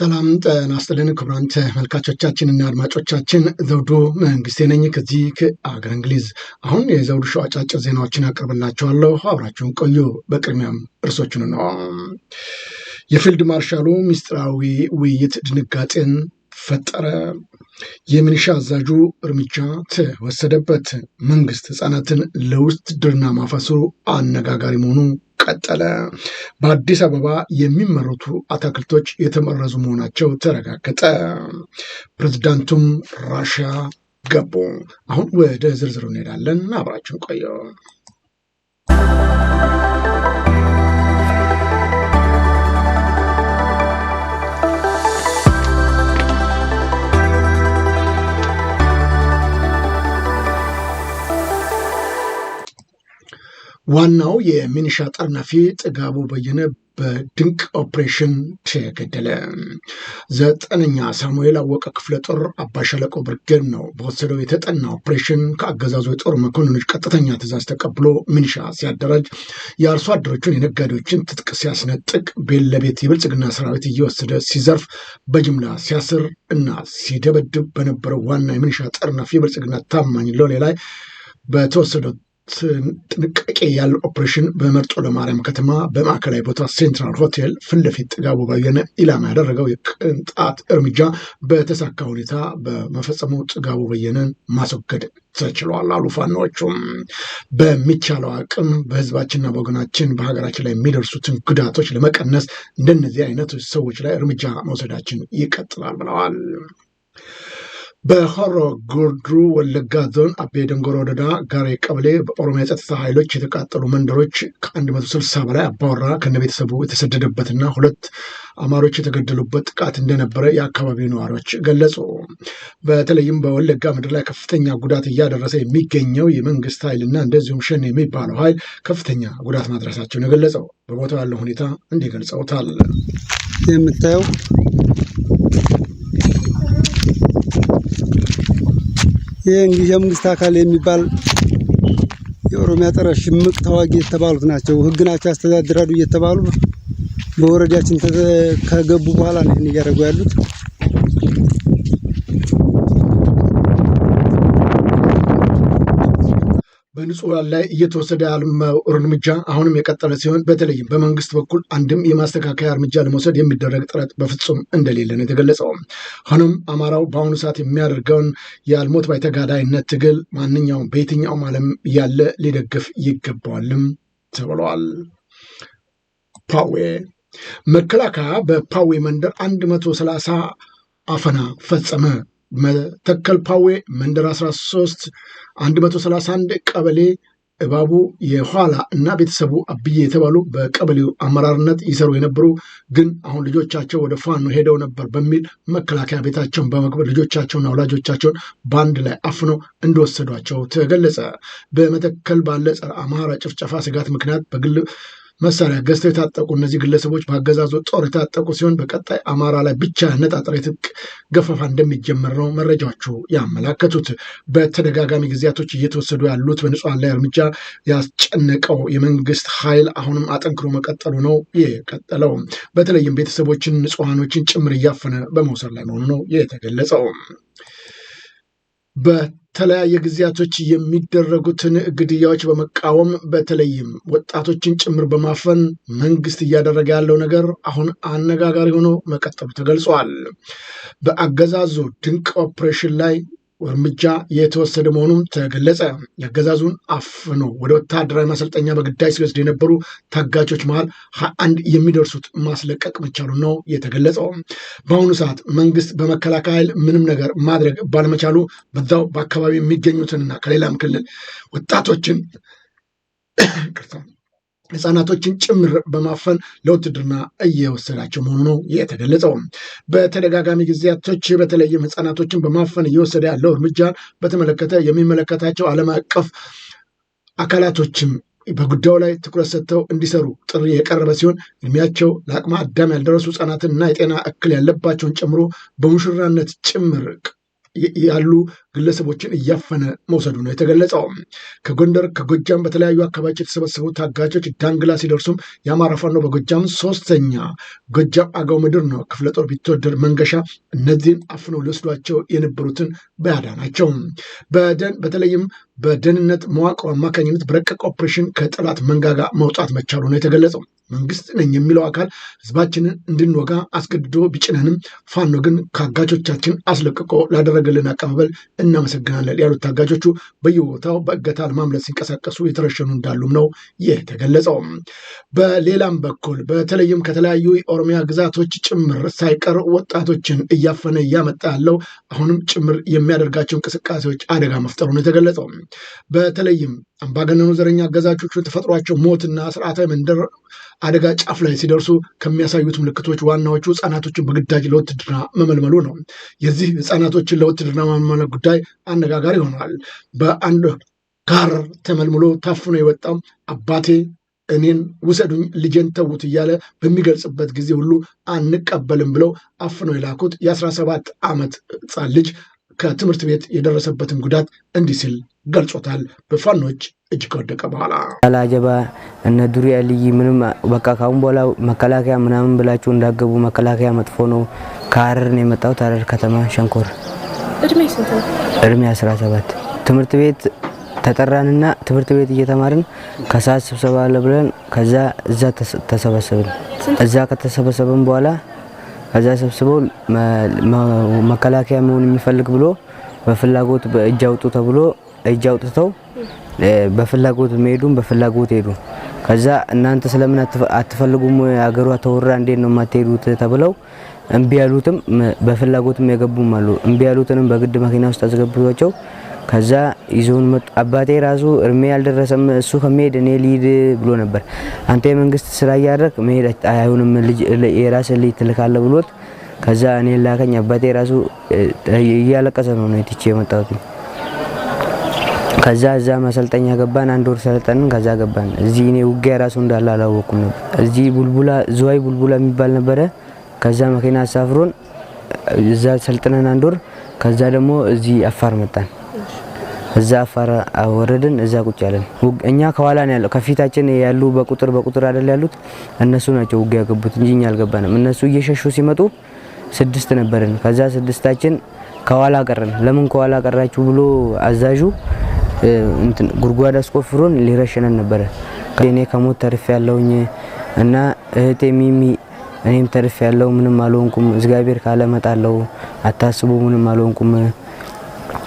ሰላም ጤና ይስጥልን ክቡራን ተመልካቾቻችንና አድማጮቻችን ዘውዱ መንግስቴ ነኝ ከዚህ ከአገር እንግሊዝ። አሁን የዘውዱ ሾው አጫጭር ዜናዎችን አቀርብላችኋለሁ፣ አብራችሁን ቆዩ። በቅድሚያም እርሶችን ነው። የፊልድ ማርሻሉ ሚስጥራዊ ውይይት ድንጋጤን ፈጠረ። የሚኒሻ አዛዡ እርምጃ ተወሰደበት። መንግስት ህፃናትን ለውትድርና ማፈሱ አነጋጋሪ መሆኑ ቀጠለ። በአዲስ አበባ የሚመረቱ አትክልቶች የተመረዙ መሆናቸው ተረጋገጠ። ፕሬዝዳንቱም ራሻ ገቡ። አሁን ወደ ዝርዝሩ እንሄዳለን። አብራችን ቆየው። ዋናው የሚኒሻ ጠርናፊ ጥጋቡ በየነ በድንቅ ኦፕሬሽን ተገደለ። ዘጠነኛ ሳሙኤል አወቀ ክፍለ ጦር አባሻለቆ ብርጌድ ነው በወሰደው የተጠና ኦፕሬሽን ከአገዛዙ የጦር መኮንኖች ቀጥተኛ ትእዛዝ ተቀብሎ ሚኒሻ ሲያደራጅ የአርሶ አደሮችን የነጋዴዎችን ትጥቅ ሲያስነጥቅ ቤት ለቤት የብልጽግና ሰራዊት እየወሰደ ሲዘርፍ በጅምላ ሲያስር እና ሲደበድብ በነበረው ዋና የሚኒሻ ጠርናፊ የብልጽግና ታማኝ ሎሌ ላይ በተወሰደው ጥንቃቄ ያለው ኦፕሬሽን በመርጦ ለማርያም ከተማ በማዕከላዊ ቦታ ሴንትራል ሆቴል ፊት ለፊት ጥጋቡ በየነ ኢላማ ያደረገው የቅንጣት እርምጃ በተሳካ ሁኔታ በመፈጸሙ ጥጋቡ በየነን ማስወገድ ተችሏል አሉ ፋኖዎቹም። በሚቻለው አቅም በህዝባችንና በወገናችን በሀገራችን ላይ የሚደርሱትን ጉዳቶች ለመቀነስ እንደነዚህ አይነት ሰዎች ላይ እርምጃ መውሰዳችን ይቀጥላል ብለዋል። በሆሮ ጉድሩ ወለጋ ዞን አቤ ደንጎሮ ወረዳ ጋሬ ቀበሌ በኦሮሚያ ጸጥታ ኃይሎች የተቃጠሉ መንደሮች ከ160 በላይ አባወራ ከነቤተሰቡ የተሰደደበትና ሁለት አማሮች የተገደሉበት ጥቃት እንደነበረ የአካባቢው ነዋሪዎች ገለጹ። በተለይም በወለጋ ምድር ላይ ከፍተኛ ጉዳት እያደረሰ የሚገኘው የመንግስት ኃይልና እንደዚሁም ሸኔ የሚባለው ኃይል ከፍተኛ ጉዳት ማድረሳቸውን የገለጸው በቦታው ያለው ሁኔታ እንዲገልጸውታል የምታየው ይሄ እንግዲህ የመንግስት አካል የሚባል የኦሮሚያ ፀረ ሽምቅ ተዋጊ የተባሉት ናቸው። ህግ ናቸው ያስተዳድራሉ እየተባሉ በወረዳችን ከገቡ በኋላ ነው ይህን እያደረጉ ያሉት። በንጹሐን ላይ እየተወሰደ ያልመው እርምጃ አሁንም የቀጠለ ሲሆን በተለይም በመንግስት በኩል አንድም የማስተካከያ እርምጃ ለመውሰድ የሚደረግ ጥረት በፍጹም እንደሌለ ነው የተገለጸው። ሆኖም አማራው በአሁኑ ሰዓት የሚያደርገውን የአልሞት ባይ ተጋዳይነት ትግል ማንኛውም በየትኛውም ዓለም ያለ ሊደግፍ ይገባዋልም ተብለዋል። ፓዌ መከላከያ በፓዌ መንደር 130 አፈና ፈጸመ። መተከል ፓዌ መንደር 13 131 ቀበሌ እባቡ የኋላ እና ቤተሰቡ አብዬ የተባሉ በቀበሌው አመራርነት ይሰሩ የነበሩ ግን አሁን ልጆቻቸው ወደ ፋኖ ሄደው ነበር በሚል መከላከያ ቤታቸውን በመግበር ልጆቻቸውና ወላጆቻቸውን በአንድ ላይ አፍነው እንደወሰዷቸው ተገለጸ። በመተከል ባለ ጸረ አማራ ጭፍጨፋ ስጋት ምክንያት በግል መሳሪያ ገዝተው የታጠቁ እነዚህ ግለሰቦች በአገዛዙ ጦር የታጠቁ ሲሆን በቀጣይ አማራ ላይ ብቻ ነጣጥር የትጥቅ ገፈፋ እንደሚጀመር ነው መረጃዎቹ ያመላከቱት። በተደጋጋሚ ጊዜያቶች እየተወሰዱ ያሉት በንጹሐን ላይ እርምጃ ያስጨነቀው የመንግስት ኃይል አሁንም አጠንክሮ መቀጠሉ ነው የቀጠለው። በተለይም ቤተሰቦችን፣ ንጹሐኖችን ጭምር እያፈነ በመውሰድ ላይ መሆኑ ነው የተገለጸው። በተለያየ ጊዜያቶች የሚደረጉትን ግድያዎች በመቃወም በተለይም ወጣቶችን ጭምር በማፈን መንግስት እያደረገ ያለው ነገር አሁን አነጋጋሪ ሆኖ መቀጠሉ ተገልጿል። በአገዛዙ ድንቅ ኦፕሬሽን ላይ እርምጃ የተወሰደ መሆኑን ተገለጸ። የአገዛዙን አፍኖ ወደ ወታደራዊ ማሰልጠኛ በግዳጅ ሲወስድ የነበሩ ታጋቾች መሃል አንድ የሚደርሱት ማስለቀቅ መቻሉ ነው የተገለጸው። በአሁኑ ሰዓት መንግስት በመከላከያ ኃይል ምንም ነገር ማድረግ ባለመቻሉ በዛው በአካባቢ የሚገኙትንና ከሌላም ክልል ወጣቶችን ህጻናቶችን ጭምር በማፈን ለውትድርና እየወሰዳቸው መሆኑ ነው የተገለጸው። በተደጋጋሚ ጊዜያቶች በተለይም ህጻናቶችን በማፈን እየወሰደ ያለው እርምጃን በተመለከተ የሚመለከታቸው ዓለም አቀፍ አካላቶችም በጉዳዩ ላይ ትኩረት ሰጥተው እንዲሰሩ ጥሪ የቀረበ ሲሆን እድሜያቸው ለአቅመ አዳም ያልደረሱ እና የጤና እክል ያለባቸውን ጨምሮ በሙሽራነት ጭምር ያሉ ግለሰቦችን እያፈነ መውሰዱ ነው የተገለጸው። ከጎንደር ከጎጃም በተለያዩ አካባቢዎች የተሰበሰቡ ታጋቾች ዳንግላ ሲደርሱም የአማራ ፋኖ በጎጃም ሶስተኛ ጎጃም አገው ምድር ነው ክፍለ ጦር ቢትወደድ መንገሻ እነዚህን አፍነው ሊወስዷቸው የነበሩትን በያዳ ናቸው። በተለይም በደህንነት መዋቅሩ አማካኝነት በረቀቅ ኦፕሬሽን ከጠላት መንጋጋ መውጣት መቻሉ ነው የተገለጸው። መንግስት ነኝ የሚለው አካል ህዝባችንን እንድንወጋ አስገድዶ ቢጭነንም ፋኖ ግን ከአጋቾቻችን አስለቅቆ ላደረገልን አቀባበል እናመሰግናለን ያሉት ታጋቾቹ በየቦታው በእገታ ለማምለጥ ሲንቀሳቀሱ የተረሸኑ እንዳሉም ነው የተገለጸው። በሌላም በኩል በተለይም ከተለያዩ የኦሮሚያ ግዛቶች ጭምር ሳይቀር ወጣቶችን እያፈነ እያመጣ ያለው አሁንም ጭምር የሚያደርጋቸው እንቅስቃሴዎች አደጋ መፍጠሩ ነው የተገለጸው። በተለይም አምባገነኑ ዘረኛ አገዛቾቹ ተፈጥሯቸው ሞትና ስርዓታዊ መንደር አደጋ ጫፍ ላይ ሲደርሱ ከሚያሳዩት ምልክቶች ዋናዎቹ ህጻናቶችን በግዳጅ ለውትድርና መመልመሉ ነው። የዚህ ህጻናቶችን ለውትድርና ማመልመል ጉዳይ አነጋጋሪ ሆኗል። በአንድ ጋር ተመልምሎ ታፍኖ የወጣው አባቴ እኔን ውሰዱኝ ልጄን ተዉት እያለ በሚገልጽበት ጊዜ ሁሉ አንቀበልም ብለው አፍነው የላኩት የ17 ዓመት ህፃን ልጅ ከትምህርት ቤት የደረሰበትን ጉዳት እንዲህ ሲል ገልጾታል። በፋኖች እጅ ከወደቀ በኋላ አላጀባ እነ ዱሪ ልይ ምንም በቃ ካሁን በኋላ መከላከያ ምናምን ብላችሁ እንዳገቡ መከላከያ መጥፎ ነው። ከሀረር ነው የመጣሁት፣ ሀረር ከተማ ሸንኮር። እድሜ ስንት ነው? እድሜ 17 ትምህርት ቤት ተጠራንና ትምህርት ቤት እየተማርን ከሰዓት ስብሰባ አለ ብለን ከዛ እዛ ተሰበሰብን። እዛ ከተሰበሰብን በኋላ ከዛ ሰብስቦ መከላከያ መሆን የሚፈልግ ብሎ በፍላጎት እጅ አውጡ ተብሎ እጅ አውጥተው በፍላጎት መሄዱም በፍላጎት ሄዱ። ከዛ እናንተ ስለምን አትፈልጉም? አገሯ ተወራ እንዴት ነው የማትሄዱት? ተብለው እምቢ ያሉትም በፍላጎትም የገቡም አሉ። እምቢ ያሉትንም በግድ መኪና ውስጥ አስገብቷቸው ከዛ ይዞን መጡ። አባቴ ራሱ እርሜ ያልደረሰም እሱ ከመሄድ እኔ ሊድ ብሎ ነበር። አንተ የመንግስት ስራ እያደረግ መሄድ አይሆንም የራስ ልጅ ትልካለ ብሎት ከዛ እኔ ላከኝ። አባቴ ራሱ እያለቀሰ ነው ነው ትቼ የመጣሁት። ከዛ እዛ ማሰልጠኛ ገባን። አንድ ወር ሰለጠንን። ከዛ ገባን እዚህ እኔ ውጊያ ራሱ እንዳለ አላወኩም ነበር። እዚህ ቡልቡላ ዝዋይ ቡልቡላ የሚባል ነበረ። ከዛ መኪና አሳፍሮን እዛ ሰልጥነን አንድ ወር። ከዛ ደግሞ እዚህ አፋር መጣን። እዛ አፋር አወረድን። እዛ ቁጭ ያለን እኛ ከኋላ ነው ያለው። ከፊታችን ያሉ በቁጥር በቁጥር አይደል ያሉት እነሱ ናቸው ውጊያ ገቡት እንጂ እኛ አልገባንም። እነሱ እየሸሹ ሲመጡ ስድስት ነበርን። ከዛ ስድስታችን ከኋላ ቀረን። ለምን ከኋላ ቀራችሁ ብሎ አዛዡ እንትን ጉድጓድ አስቆፍሮን ሊረሽነን ነበረ። እኔ ከሞት ተርፌ ያለውኝ እና እህቴ ሚሚ እኔም ተርፌ ያለው ምንም አልሆንኩም። እግዚአብሔር ካለ መጣለው አታስቡ፣ ምንም አልሆንኩም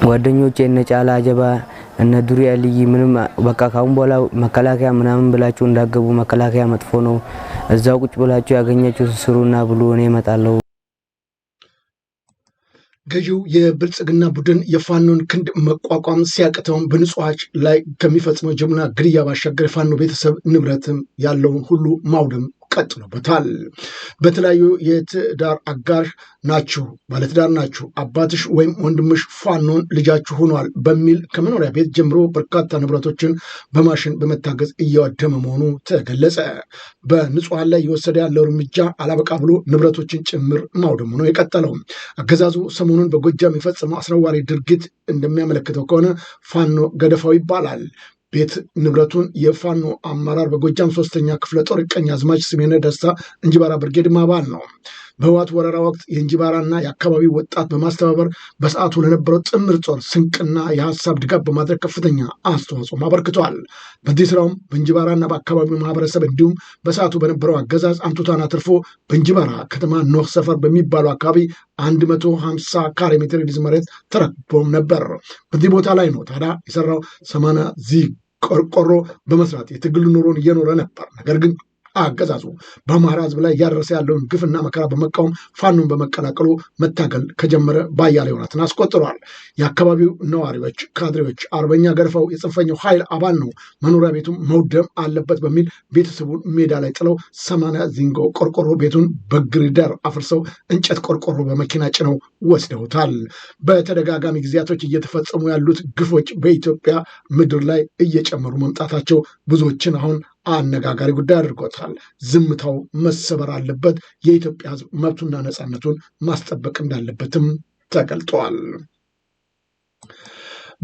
ጓደኞቼ እነ ጫላ አጀባ እነ ዱሪያ ልይ ምንም በቃ ካሁን በኋላ መከላከያ ምናምን ብላችሁ እንዳገቡ መከላከያ መጥፎ ነው፣ እዛው ቁጭ ብላችሁ ያገኛችሁ ስሩና ብሉ፣ እኔ እመጣለሁ። ገዢው የብልጽግና ቡድን የፋኖን ክንድ መቋቋም ሲያቅተውን በንጹሐች ላይ ከሚፈጽመው ጅምላ ግድያ ባሻገር የፋኖ ቤተሰብ ንብረትም ያለውን ሁሉ ማውደም ቀጥሎበታል። በተለያዩ የትዳር አጋር ናችሁ፣ ባለትዳር ናችሁ፣ አባትሽ ወይም ወንድምሽ ፋኖን ልጃችሁ ሆኗል በሚል ከመኖሪያ ቤት ጀምሮ በርካታ ንብረቶችን በማሽን በመታገዝ እያወደመ መሆኑ ተገለጸ። በንጹሐን ላይ የወሰደ ያለው እርምጃ አላበቃ ብሎ ንብረቶችን ጭምር ማውደሙ ነው የቀጠለው። አገዛዙ ሰሞኑን በጎጃም የፈጸመው አስነዋሪ ድርጊት እንደሚያመለክተው ከሆነ ፋኖ ገደፋው ይባላል። ቤት ንብረቱን የፋኖ አመራር በጎጃም ሶስተኛ ክፍለ ጦር ቀኝ አዝማች ስሜነ ደስታ እንጅባራ ብርጌድ ማባል ነው። በህወሓት ወረራ ወቅት የእንጅባራና የአካባቢ ወጣት በማስተባበር በሰዓቱ ለነበረው ጥምር ጦር ስንቅና የሀሳብ ድጋፍ በማድረግ ከፍተኛ አስተዋጽኦም አበርክቷል። በዚህ ስራውም በእንጅባራና በአካባቢው ማህበረሰብ እንዲሁም በሰዓቱ በነበረው አገዛዝ አንቱታን አትርፎ በእንጅባራ ከተማ ኖህ ሰፈር በሚባለው አካባቢ 150 ካሬ ሜትር ሊዝ መሬት ተረክቦም ነበር። በዚህ ቦታ ላይ ነው ታዲያ የሰራው ሰማና ዚግ ቆርቆሮ በመስራት የትግል ኑሮን እየኖረ ነበር። ነገር ግን አገዛዙ በአማራ ህዝብ ላይ ያደረሰ ያለውን ግፍና መከራ በመቃወም ፋኖን በመቀላቀሉ መታገል ከጀመረ ባያሌ ወራትን አስቆጥሯል። የአካባቢው ነዋሪዎች፣ ካድሬዎች አርበኛ ገርፈው የጽንፈኛው ኃይል አባል ነው፣ መኖሪያ ቤቱን መውደም አለበት በሚል ቤተሰቡን ሜዳ ላይ ጥለው ሰማንያ ዚንጎ ቆርቆሮ ቤቱን በግሪደር አፍርሰው እንጨት ቆርቆሮ በመኪና ጭነው ወስደውታል። በተደጋጋሚ ጊዜያቶች እየተፈጸሙ ያሉት ግፎች በኢትዮጵያ ምድር ላይ እየጨመሩ መምጣታቸው ብዙዎችን አሁን አነጋጋሪ ጉዳይ አድርጎታል። ዝምታው መሰበር አለበት። የኢትዮጵያ ሕዝብ መብቱና ነፃነቱን ማስጠበቅ እንዳለበትም ተገልጧል።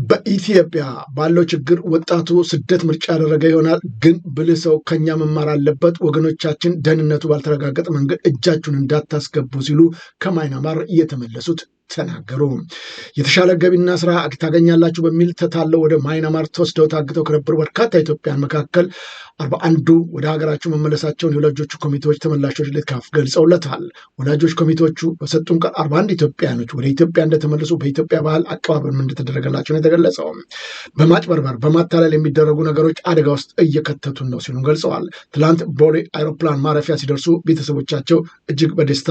በኢትዮጵያ ባለው ችግር ወጣቱ ስደት ምርጫ ያደረገ ይሆናል። ግን ብልህ ሰው ከኛ መማር አለበት። ወገኖቻችን ደህንነቱ ባልተረጋገጠ መንገድ እጃችሁን እንዳታስገቡ ሲሉ ከማይናማር የተመለሱት ተናገሩ። የተሻለ ገቢና ስራ ታገኛላችሁ በሚል ተታለው ወደ ማይናማር ተወስደው ታግተው ከነበሩ በርካታ ኢትዮጵያን መካከል አርባ አንዱ ወደ ሀገራቸው መመለሳቸውን የወላጆቹ ኮሚቴዎች ተመላሾች ልካፍ ገልጸውለታል። ወላጆች ኮሚቴዎቹ በሰጡን ቃል አርባ አንድ ኢትዮጵያኖች ወደ ኢትዮጵያ እንደተመለሱ በኢትዮጵያ ባህል አቀባበልም እንደተደረገላቸው ነው የተገለጸው። በማጭበርበር በማታለል የሚደረጉ ነገሮች አደጋ ውስጥ እየከተቱን ነው ሲሉ ገልጸዋል። ትላንት ቦሌ አይሮፕላን ማረፊያ ሲደርሱ ቤተሰቦቻቸው እጅግ በደስታ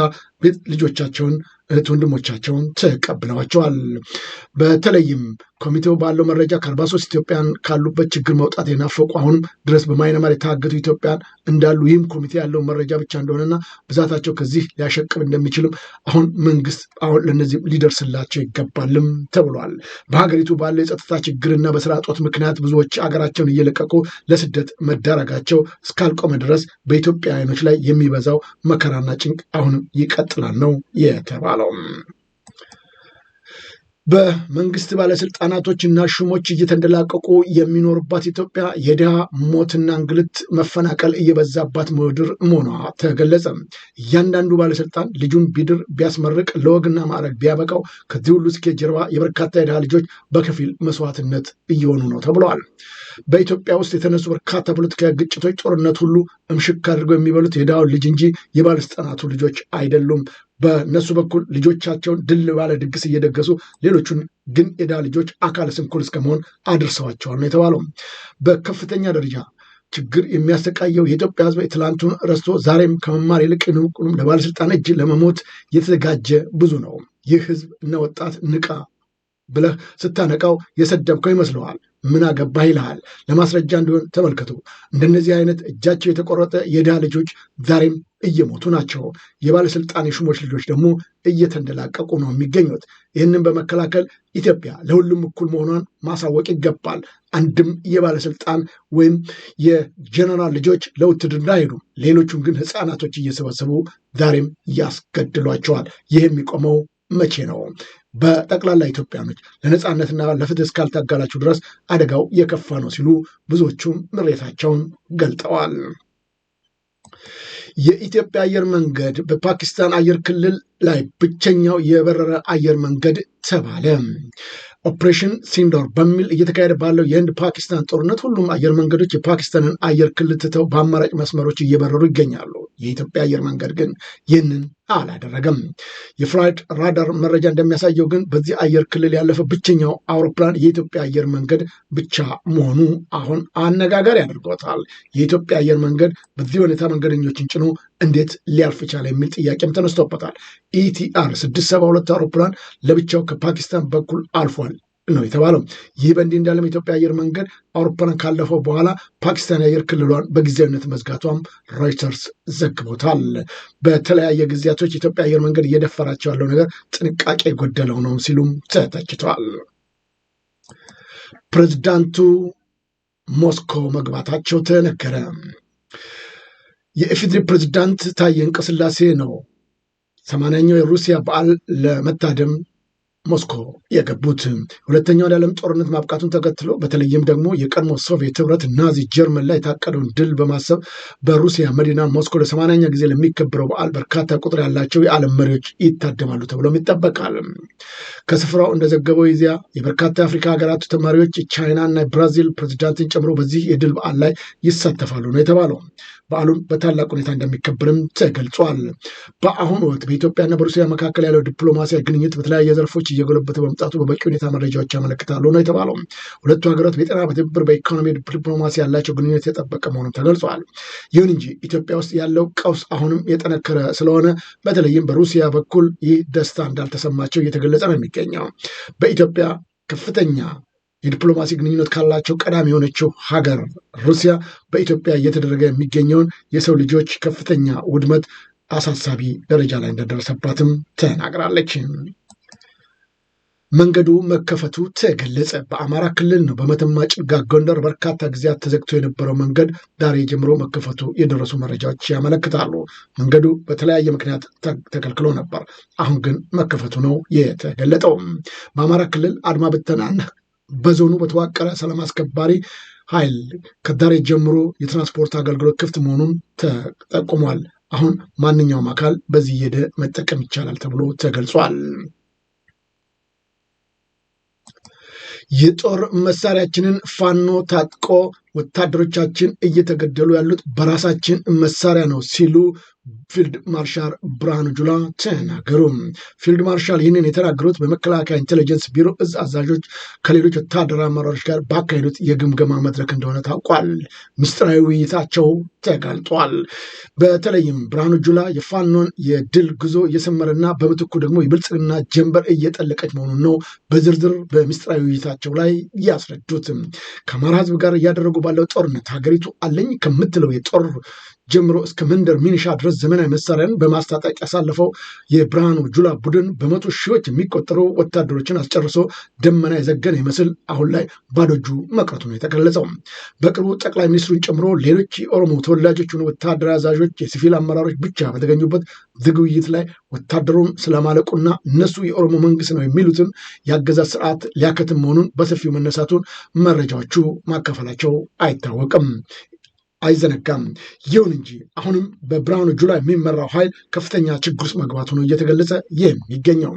ልጆቻቸውን እህት ወንድሞቻቸውን ተቀብለዋቸዋል። በተለይም ኮሚቴው ባለው መረጃ ከአርባ ሶስት ኢትዮጵያን ካሉበት ችግር መውጣት የናፈቁ አሁንም ድረስ በማይነማር የታገቱ ኢትዮጵያን እንዳሉ ይህም ኮሚቴ ያለው መረጃ ብቻ እንደሆነና ብዛታቸው ከዚህ ሊያሸቅብ እንደሚችልም አሁን መንግስት አሁን ለነዚህ ሊደርስላቸው ይገባልም ተብሏል። በሀገሪቱ ባለው የጸጥታ ችግርና በስራ እጦት ምክንያት ብዙዎች አገራቸውን እየለቀቁ ለስደት መዳረጋቸው እስካልቆመ ድረስ በኢትዮጵያውያኖች ላይ የሚበዛው መከራና ጭንቅ አሁንም ይቀጥላል ነው የተባለው። የተባለው። በመንግስት እና ሹሞች እየተንደላቀቁ የሚኖርባት ኢትዮጵያ የድሃ ሞትና እንግልት መፈናቀል እየበዛባት ምድር መሆኗ ተገለጸ። እያንዳንዱ ባለስልጣን ልጁን ቢድር ቢያስመርቅ፣ ለወግና ማዕረግ ቢያበቃው ከዚህ ሁሉ ስኬት ጀርባ የበርካታ የድሃ ልጆች በከፊል መስዋዕትነት እየሆኑ ነው ተብለዋል። በኢትዮጵያ ውስጥ የተነሱ በርካታ ፖለቲካዊ ግጭቶች፣ ጦርነት ሁሉ እምሽክ አድርገው የሚበሉት የድሃውን ልጅ እንጂ የባለስልጣናቱ ልጆች አይደሉም። በእነሱ በኩል ልጆቻቸውን ድል ባለ ድግስ እየደገሱ ሌሎቹን ግን የዳ ልጆች አካል ስንኩል እስከመሆን አድርሰዋቸዋል ነው የተባለው። በከፍተኛ ደረጃ ችግር የሚያሰቃየው የኢትዮጵያ ሕዝብ የትላንቱን ረስቶ ዛሬም ከመማር ይልቅ ንቁንም ለባለስልጣን እጅ ለመሞት የተዘጋጀ ብዙ ነው። ይህ ሕዝብ እና ወጣት ንቃ ብለህ ስታነቃው የሰደብከው ይመስለዋል። ምን አገባህ ይልሃል። ለማስረጃ እንዲሆን ተመልከቱ። እንደነዚህ አይነት እጃቸው የተቆረጠ የድሃ ልጆች ዛሬም እየሞቱ ናቸው። የባለስልጣን የሹሞች ልጆች ደግሞ እየተንደላቀቁ ነው የሚገኙት። ይህንን በመከላከል ኢትዮጵያ ለሁሉም እኩል መሆኗን ማሳወቅ ይገባል። አንድም የባለስልጣን ወይም የጀነራል ልጆች ለውትድርና አይሄዱም። ሌሎቹን ግን ህፃናቶች እየሰበሰቡ ዛሬም ያስገድሏቸዋል። ይህ የሚቆመው መቼ ነው? በጠቅላላ ኢትዮጵያኖች ለነፃነትና ለፍትህ እስካልታጋላችሁ ድረስ አደጋው የከፋ ነው ሲሉ ብዙዎቹም ምሬታቸውን ገልጠዋል። የኢትዮጵያ አየር መንገድ በፓኪስታን አየር ክልል ላይ ብቸኛው የበረረ አየር መንገድ ተባለ። ኦፕሬሽን ሲንዶር በሚል እየተካሄደ ባለው የህንድ ፓኪስታን ጦርነት ሁሉም አየር መንገዶች የፓኪስታንን አየር ክልል ትተው በአማራጭ መስመሮች እየበረሩ ይገኛሉ። የኢትዮጵያ አየር መንገድ ግን ይህንን አላደረገም። የፍላይት ራዳር መረጃ እንደሚያሳየው ግን በዚህ አየር ክልል ያለፈ ብቸኛው አውሮፕላን የኢትዮጵያ አየር መንገድ ብቻ መሆኑ አሁን አነጋጋሪ አድርጎታል። የኢትዮጵያ አየር መንገድ በዚህ ሁኔታ መንገደኞችን ጭኖ እንዴት ሊያልፍ ቻለ የሚል ጥያቄም ተነስቶበታል። ኢቲአር 672 አውሮፕላን ለብቻው ከፓኪስታን በኩል አልፏል ነው የተባለው። ይህ በእንዲህ እንዳለም የኢትዮጵያ አየር መንገድ አውሮፕላን ካለፈው በኋላ ፓኪስታን የአየር ክልሏን በጊዜያዊነት መዝጋቷም ሮይተርስ ዘግቦታል። በተለያየ ጊዜያቶች የኢትዮጵያ አየር መንገድ እየደፈራቸው ያለው ነገር ጥንቃቄ የጎደለው ነው ሲሉም ተተችቷል። ፕሬዚዳንቱ ሞስኮ መግባታቸው ተነገረ። የኢፌዴሪ ፕሬዝዳንት ታዬ እንቅስላሴ ነው ሰማንያኛው የሩሲያ በዓል ለመታደም ሞስኮ የገቡት ሁለተኛው የዓለም ጦርነት ማብቃቱን ተከትሎ በተለይም ደግሞ የቀድሞ ሶቪየት ህብረት ናዚ ጀርመን ላይ የታቀደውን ድል በማሰብ በሩሲያ መዲና ሞስኮ ለሰማንያኛ ጊዜ ለሚከበረው በዓል በርካታ ቁጥር ያላቸው የዓለም መሪዎች ይታደማሉ ተብሎም ይጠበቃል። ከስፍራው እንደዘገበው ይዚያ የበርካታ የአፍሪካ ሀገራት ተማሪዎች የቻይናና የብራዚል ፕሬዚዳንትን ጨምሮ በዚህ የድል በዓል ላይ ይሳተፋሉ ነው የተባለው። በዓሉን በታላቅ ሁኔታ እንደሚከበርም ተገልጿል። በአሁኑ ወቅት በኢትዮጵያና በሩሲያ መካከል ያለው ዲፕሎማሲያዊ ግንኙት በተለያየ ዘርፎች እየጎለበተ በመምጣቱ በበቂ ሁኔታ መረጃዎች ያመለክታሉ ነው የተባለው። ሁለቱ ሀገራት በጤና፣ በትብብር፣ በኢኮኖሚ ዲፕሎማሲ ያላቸው ግንኙነት የጠበቀ መሆኑም ተገልጿል። ይሁን እንጂ ኢትዮጵያ ውስጥ ያለው ቀውስ አሁንም የጠነከረ ስለሆነ በተለይም በሩሲያ በኩል ይህ ደስታ እንዳልተሰማቸው እየተገለጸ ነው የሚገ የሚገኘው። በኢትዮጵያ ከፍተኛ የዲፕሎማሲ ግንኙነት ካላቸው ቀዳሚ የሆነችው ሀገር ሩሲያ በኢትዮጵያ እየተደረገ የሚገኘውን የሰው ልጆች ከፍተኛ ውድመት አሳሳቢ ደረጃ ላይ እንደደረሰባትም ተናግራለች። መንገዱ መከፈቱ ተገለጸ። በአማራ ክልል ነው በመተማ ጭጋ ጎንደር በርካታ ጊዜያት ተዘግቶ የነበረው መንገድ ዛሬ ጀምሮ መከፈቱ የደረሱ መረጃዎች ያመለክታሉ። መንገዱ በተለያየ ምክንያት ተከልክሎ ነበር፣ አሁን ግን መከፈቱ ነው የተገለጠው። በአማራ ክልል አድማ ብተናን በዞኑ በተዋቀረ ሰላም አስከባሪ ኃይል ከዛሬ ጀምሮ የትራንስፖርት አገልግሎት ክፍት መሆኑን ተጠቁሟል። አሁን ማንኛውም አካል በዚህ እየሄደ መጠቀም ይቻላል ተብሎ ተገልጿል። የጦር መሳሪያችንን ፋኖ ታጥቆ ወታደሮቻችን እየተገደሉ ያሉት በራሳችን መሳሪያ ነው ሲሉ ፊልድ ማርሻል ብርሃኑ ጁላ ተናገሩ። ፊልድ ማርሻል ይህንን የተናገሩት በመከላከያ ኢንቴሊጀንስ ቢሮ እዝ አዛዦች ከሌሎች ወታደራዊ አመራሮች ጋር ባካሄዱት የግምገማ መድረክ እንደሆነ ታውቋል። ምስጢራዊ ውይይታቸው ተጋልጧል። በተለይም ብርሃኑ ጁላ የፋኖን የድል ጉዞ እየሰመረና በምትኩ ደግሞ የብልጽግና ጀንበር እየጠለቀች መሆኑን ነው በዝርዝር በምስጢራዊ ውይይታቸው ላይ ያስረዱት። ከአማራ ህዝብ ጋር እያደረጉ ባለው ጦርነት ሀገሪቱ አለኝ ከምትለው የጦር ጀምሮ እስከ መንደር ሚኒሻ ድረስ ዘመናዊ መሳሪያን በማስታጠቅ ያሳለፈው የብርሃኑ ጁላ ቡድን በመቶ ሺዎች የሚቆጠሩ ወታደሮችን አስጨርሶ ደመና የዘገነ ይመስል አሁን ላይ ባዶ እጁ መቅረቱ ነው የተገለጸው። በቅርቡ ጠቅላይ ሚኒስትሩን ጨምሮ ሌሎች የኦሮሞ ተወላጆች የሆኑ ወታደር አዛዦች፣ የሲቪል አመራሮች ብቻ በተገኙበት ዝግ ውይይት ላይ ወታደሩን ስለማለቁና እነሱ የኦሮሞ መንግስት ነው የሚሉትን የአገዛዝ ስርዓት ሊያከትም መሆኑን በሰፊው መነሳቱን መረጃዎቹ ማካፈላቸው አይታወቅም። አይዘነጋም። ይሁን እንጂ አሁንም በብርሃኑ ጁላ የሚመራው ኃይል ከፍተኛ ችግር ውስጥ መግባቱ ነው እየተገለጸ የሚገኘው።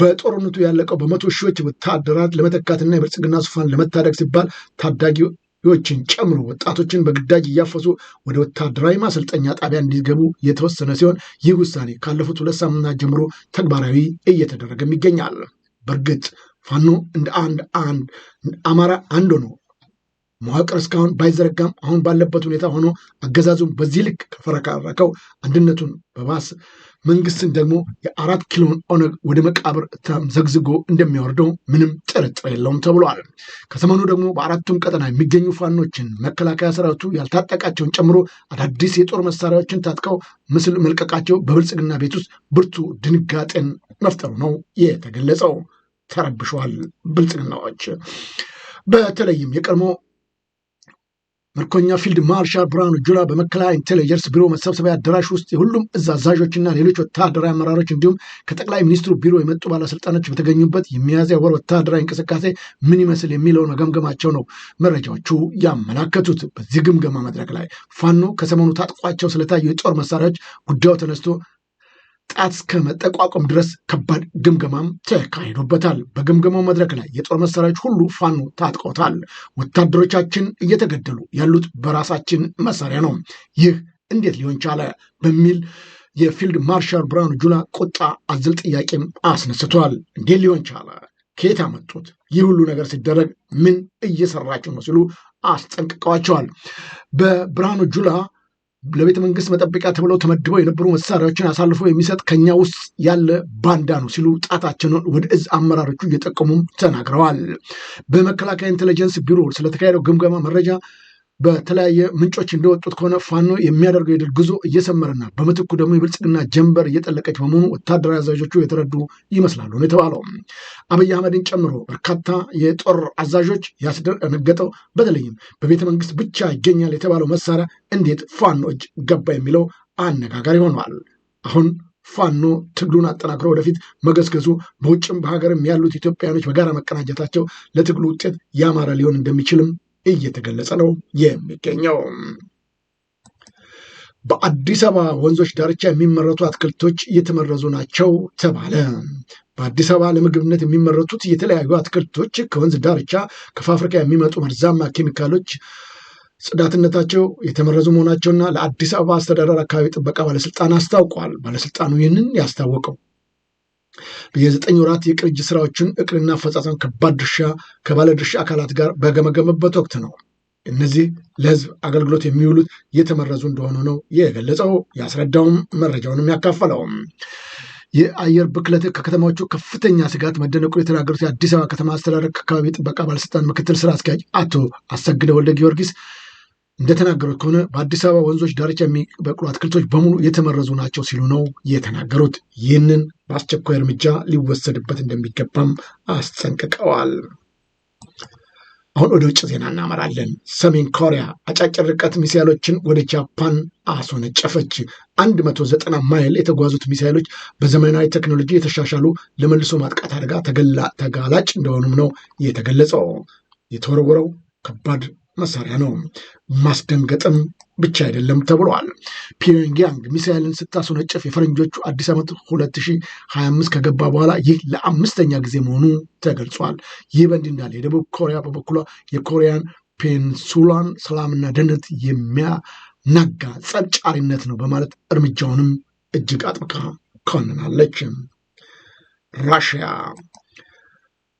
በጦርነቱ ያለቀው በመቶ ሺዎች ወታደራት ለመተካትና የብልጽግና ዙፋን ለመታደግ ሲባል ታዳጊዎችን ጨምሮ ወጣቶችን በግዳጅ እያፈሱ ወደ ወታደራዊ ማሰልጠኛ ጣቢያ እንዲገቡ የተወሰነ ሲሆን ይህ ውሳኔ ካለፉት ሁለት ሳምንታት ጀምሮ ተግባራዊ እየተደረገም ይገኛል። በእርግጥ ፋኖ እንደ አንድ አንድ አማራ አንዱ ነው መዋቅር እስካሁን ባይዘረጋም አሁን ባለበት ሁኔታ ሆኖ አገዛዙን በዚህ ልክ ከፈረካረከው አንድነቱን በባስ መንግስትን ደግሞ የአራት ኪሎን ኦነግ ወደ መቃብር ዘግዝጎ እንደሚያወርደው ምንም ጥርጥር የለውም ተብሏል። ከሰሞኑ ደግሞ በአራቱም ቀጠና የሚገኙ ፋኖችን መከላከያ ሰራዊቱ ያልታጠቃቸውን ጨምሮ አዳዲስ የጦር መሳሪያዎችን ታጥቀው ምስል መልቀቃቸው በብልጽግና ቤት ውስጥ ብርቱ ድንጋጤን መፍጠሩ ነው የተገለጸው። ተረብሸዋል ብልጽግናዎች። በተለይም የቀድሞ ምርኮኛ ፊልድ ማርሻል ብርሃኑ ጁላ በመከላከያ ኢንቴሊጀንስ ቢሮ መሰብሰቢያ አዳራሽ ውስጥ የሁሉም እዝ አዛዦችና ሌሎች ወታደራዊ አመራሮች እንዲሁም ከጠቅላይ ሚኒስትሩ ቢሮ የመጡ ባለስልጣኖች በተገኙበት የሚያዝያ ወር ወታደራዊ እንቅስቃሴ ምን ይመስል የሚለው መገምገማቸው ነው መረጃዎቹ ያመላከቱት። በዚህ ግምገማ መድረክ ላይ ፋኖ ከሰሞኑ ታጥቋቸው ስለታዩ የጦር መሳሪያዎች ጉዳዩ ተነስቶ ጣት እስከ መጠቋቋም ድረስ ከባድ ግምገማም ተካሂዶበታል። በግምገማው መድረክ ላይ የጦር መሳሪያዎች ሁሉ ፋኖ ታጥቀውታል። ወታደሮቻችን እየተገደሉ ያሉት በራሳችን መሳሪያ ነው። ይህ እንዴት ሊሆን ቻለ? በሚል የፊልድ ማርሻል ብርሃኑ ጁላ ቁጣ አዘል ጥያቄም አስነስቷል። እንዴት ሊሆን ቻለ? ከየት አመጡት? ይህ ሁሉ ነገር ሲደረግ ምን እየሰራችሁ ነው? ሲሉ አስጠንቅቀዋቸዋል። በብርሃኑ ጁላ ለቤተ መንግስት መጠበቂያ ተብለው ተመድበው የነበሩ መሳሪያዎችን አሳልፎ የሚሰጥ ከኛ ውስጥ ያለ ባንዳ ነው ሲሉ ጣታቸውን ወደ እዝ አመራሮቹ እየጠቀሙም ተናግረዋል። በመከላከያ ኢንቴሊጀንስ ቢሮ ስለተካሄደው ግምገማ መረጃ በተለያየ ምንጮች እንደወጡት ከሆነ ፋኖ የሚያደርገው የድል ጉዞ እየሰመረና በምትኩ ደግሞ የብልጽግና ጀንበር እየጠለቀች በመሆኑ ወታደራዊ አዛዦቹ የተረዱ ይመስላሉ ነው የተባለው። አብይ አህመድን ጨምሮ በርካታ የጦር አዛዦች ያስደነገጠው በተለይም በቤተ መንግስት ብቻ ይገኛል የተባለው መሳሪያ እንዴት ፋኖ እጅ ገባ የሚለው አነጋጋሪ ሆኗል። አሁን ፋኖ ትግሉን አጠናክሮ ወደፊት መገዝገዙ በውጭም በሀገርም ያሉት ኢትዮጵያያኖች በጋራ መቀናጀታቸው ለትግሉ ውጤት ያማረ ሊሆን እንደሚችልም እየተገለጸ ነው የሚገኘው። በአዲስ አበባ ወንዞች ዳርቻ የሚመረቱ አትክልቶች እየተመረዙ ናቸው ተባለ። በአዲስ አበባ ለምግብነት የሚመረቱት የተለያዩ አትክልቶች ከወንዝ ዳርቻ ከፋብሪካ የሚመጡ መርዛማ ኬሚካሎች ጽዳትነታቸው የተመረዙ መሆናቸውና ለአዲስ አበባ አስተዳደር አካባቢ ጥበቃ ባለስልጣን አስታውቋል። ባለስልጣኑ ይህንን ያስታወቀው የዘጠኝ ወራት የቅርጅ ስራዎችን እቅድና አፈጻጸም ከባድ ድርሻ ድርሻ አካላት ጋር በገመገመበት ወቅት ነው። እነዚህ ለህዝብ አገልግሎት የሚውሉት እየተመረዙ እንደሆኑ ነው የገለጸው። ያስረዳውም መረጃውንም ያካፈለውም የአየር ብክለት ከከተማዎቹ ከፍተኛ ስጋት መደነቁን የተናገሩት የአዲስ አበባ ከተማ አስተዳደር አካባቢ ጥበቃ ባለስልጣን ምክትል ስራ አስኪያጅ አቶ አሰግደ ወልደ ጊዮርጊስ እንደተናገሩት ከሆነ በአዲስ አበባ ወንዞች ዳርቻ የሚበቅሉ አትክልቶች በሙሉ የተመረዙ ናቸው ሲሉ ነው የተናገሩት። ይህንን በአስቸኳይ እርምጃ ሊወሰድበት እንደሚገባም አስጠንቅቀዋል። አሁን ወደ ውጭ ዜና እናመራለን። ሰሜን ኮሪያ አጫጭር ርቀት ሚሳይሎችን ወደ ጃፓን አስወነጨፈች። 190 ማይል የተጓዙት ሚሳይሎች በዘመናዊ ቴክኖሎጂ የተሻሻሉ ለመልሶ ማጥቃት አደጋ ተጋላጭ እንደሆኑም ነው የተገለጸው። የተወረወረው ከባድ መሳሪያ ነው። ማስደንገጥም ብቻ አይደለም ተብሏል። ፒዮንግያንግ ሚሳይልን ስታስወነጭፍ የፈረንጆቹ አዲስ ዓመት 2025 ከገባ በኋላ ይህ ለአምስተኛ ጊዜ መሆኑ ተገልጿል። ይህ በእንዲህ እንዳለ የደቡብ ኮሪያ በበኩሏ የኮሪያን ፔንሱላን ሰላምና ደህንነት የሚያናጋ ጸብ ጫሪነት ነው በማለት እርምጃውንም እጅግ አጥብቃ ኮንናለች። ራሽያ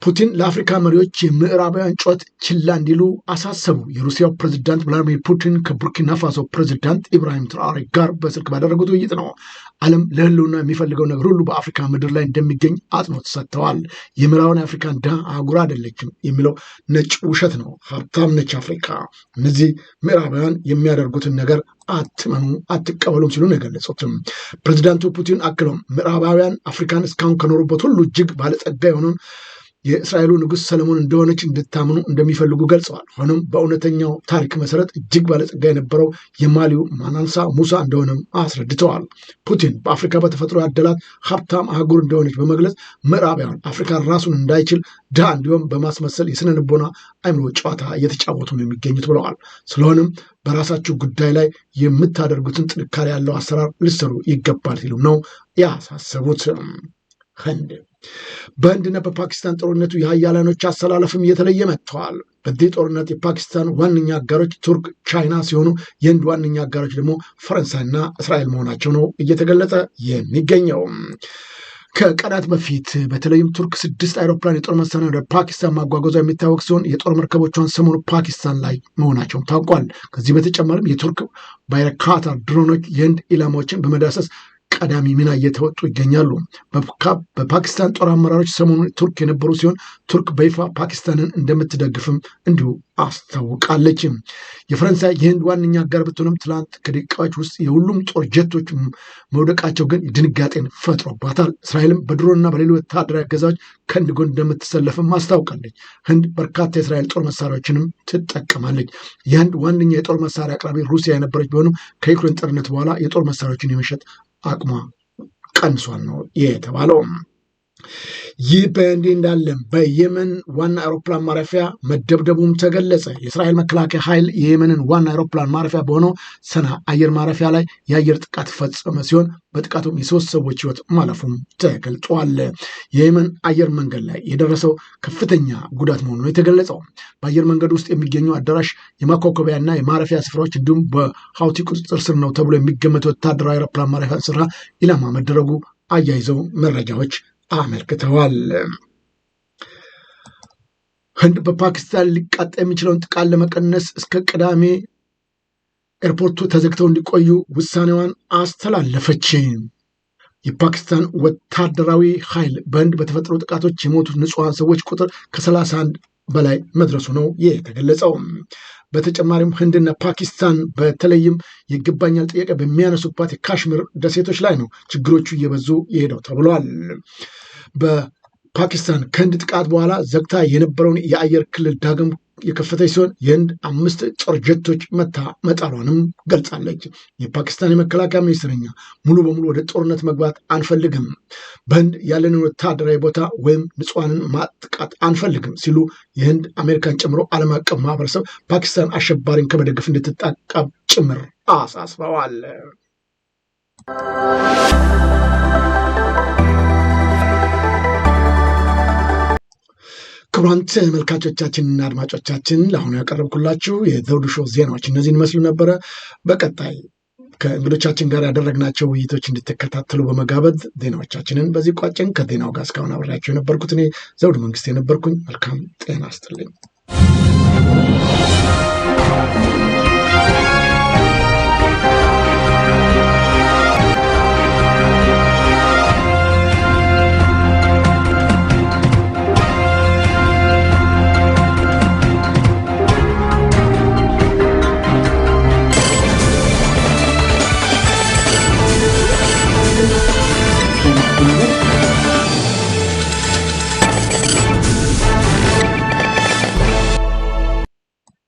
ፑቲን ለአፍሪካ መሪዎች የምዕራባውያን ጩኸት ችላ እንዲሉ አሳሰቡ። የሩሲያው ፕሬዚዳንት ቭላዲሚር ፑቲን ከቡርኪና ፋሶ ፕሬዚዳንት ኢብራሂም ትራኦሬ ጋር በስልክ ባደረጉት ውይይት ነው። ዓለም ለህልውና የሚፈልገው ነገር ሁሉ በአፍሪካ ምድር ላይ እንደሚገኝ አጽንኦት ሰጥተዋል። የምዕራባውያን አፍሪካ ድሃ አህጉር አይደለችም የሚለው ነጭ ውሸት ነው። ሀብታም ነች አፍሪካ። እነዚህ ምዕራባውያን የሚያደርጉትን ነገር አትመኑ፣ አትቀበሉም ሲሉ ነው የገለጹትም። ፕሬዚዳንቱ ፑቲን አክለውም ምዕራባውያን አፍሪካን እስካሁን ከኖሩበት ሁሉ እጅግ ባለጸጋ የሆነውን የእስራኤሉ ንጉሥ ሰለሞን እንደሆነች እንድታምኑ እንደሚፈልጉ ገልጸዋል። ሆኖም በእውነተኛው ታሪክ መሰረት እጅግ ባለጸጋ የነበረው የማሊው ማናንሳ ሙሳ እንደሆነም አስረድተዋል። ፑቲን በአፍሪካ በተፈጥሮ ያደላት ሀብታም አህጉር እንደሆነች በመግለጽ ምዕራባውያን አፍሪካን ራሱን እንዳይችል ድሃ እንዲሆን በማስመሰል የስነ ልቦና አይምሮ ጨዋታ እየተጫወቱ ነው የሚገኙት ብለዋል። ስለሆነም በራሳችሁ ጉዳይ ላይ የምታደርጉትን ጥንካሬ ያለው አሰራር ልሰሩ ይገባል ሲሉም ነው ያሳሰቡት። ህንድ በህንድና በፓኪስታን ጦርነቱ የሀያላኖች አሰላለፍም እየተለየ መጥተዋል። በዚህ ጦርነት የፓኪስታን ዋነኛ አጋሮች ቱርክ፣ ቻይና ሲሆኑ የህንድ ዋነኛ አጋሮች ደግሞ ፈረንሳይና እስራኤል መሆናቸው ነው እየተገለጸ የሚገኘው። ከቀናት በፊት በተለይም ቱርክ ስድስት አይሮፕላን የጦር መሳሪያ ወደ ፓኪስታን ማጓጓዟ የሚታወቅ ሲሆን የጦር መርከቦቿን ሰሞኑ ፓኪስታን ላይ መሆናቸውም ታውቋል። ከዚህ በተጨማሪም የቱርክ ባይረካታር ድሮኖች የህንድ ኢላማዎችን በመዳሰስ ቀዳሚ ሚና እየተወጡ ይገኛሉ። በፓኪስታን ጦር አመራሮች ሰሞኑን ቱርክ የነበሩ ሲሆን ቱርክ በይፋ ፓኪስታንን እንደምትደግፍም እንዲሁ አስታውቃለች። የፈረንሳይ የህንድ ዋነኛ አጋር ብትሆንም ትላንት ከደቂቃዎች ውስጥ የሁሉም ጦር ጀቶች መውደቃቸው ግን ድንጋጤን ፈጥሮባታል። እስራኤልም በድሮና በሌሎች ወታደራዊ አገዛዎች ከህንድ ጎን እንደምትሰለፍም አስታውቃለች። ህንድ በርካታ የእስራኤል ጦር መሳሪያዎችንም ትጠቀማለች። የህንድ ዋነኛ የጦር መሳሪያ አቅራቢ ሩሲያ የነበረች ቢሆንም ከዩክሬን ጦርነት በኋላ የጦር መሳሪያዎችን የመሸጥ አቅሟ ቀንሷል ነው የተባለው። ይህ በእንዲህ እንዳለም በየመን ዋና አውሮፕላን ማረፊያ መደብደቡም ተገለጸ። የእስራኤል መከላከያ ኃይል የየመንን ዋና አውሮፕላን ማረፊያ በሆነው ሰና አየር ማረፊያ ላይ የአየር ጥቃት ፈጸመ ሲሆን በጥቃቱም የሶስት ሰዎች ህይወት ማለፉም ተገልጿል። የየመን አየር መንገድ ላይ የደረሰው ከፍተኛ ጉዳት መሆኑ ነው የተገለጸው። በአየር መንገድ ውስጥ የሚገኙ አዳራሽ፣ የማኳኮቢያና የማረፊያ ስፍራዎች እንዲሁም በሀውቲ ቁጥጥር ስር ነው ተብሎ የሚገመት ወታደራዊ አውሮፕላን ማረፊያ ስራ ኢላማ መደረጉ አያይዘው መረጃዎች አመልክተዋል። ህንድ በፓኪስታን ሊቃጣ የሚችለውን ጥቃት ለመቀነስ እስከ ቅዳሜ ኤርፖርቱ ተዘግተው እንዲቆዩ ውሳኔዋን አስተላለፈች። የፓኪስታን ወታደራዊ ኃይል በህንድ በተፈጠሩ ጥቃቶች የሞቱ ንጹሐን ሰዎች ቁጥር ከ31 በላይ መድረሱ ነው የተገለጸው። በተጨማሪም ህንድና ፓኪስታን በተለይም የይገባኛል ጥያቄ በሚያነሱባት የካሽሚር ደሴቶች ላይ ነው ችግሮቹ እየበዙ የሄደው ተብሏል። በፓኪስታን ከህንድ ጥቃት በኋላ ዘግታ የነበረውን የአየር ክልል ዳግም የከፈተች ሲሆን የህንድ አምስት ጦር ጀቶች መታ መጣሏንም ገልጻለች። የፓኪስታን የመከላከያ ሚኒስትርኛ ሙሉ በሙሉ ወደ ጦርነት መግባት አንፈልግም፣ በህንድ ያለን ወታደራዊ ቦታ ወይም ንጹሐንን ማጥቃት አንፈልግም ሲሉ የህንድ አሜሪካን ጨምሮ ዓለም አቀፍ ማህበረሰብ ፓኪስታን አሸባሪን ከመደገፍ እንድትጣቀብ ጭምር አሳስበዋል። ክቡራን ተመልካቾቻችንና አድማጮቻችን ለአሁኑ ያቀረብኩላችሁ የዘውዱ ሾው ዜናዎች እነዚህን ይመስሉ ነበረ። በቀጣይ ከእንግዶቻችን ጋር ያደረግናቸው ውይይቶች እንድትከታተሉ በመጋበዝ ዜናዎቻችንን በዚህ ቋጭን። ከዜናው ጋር እስካሁን አብሬያቸው የነበርኩት እኔ ዘውዱ መንግስት የነበርኩኝ። መልካም ጤና ይስጥልኝ።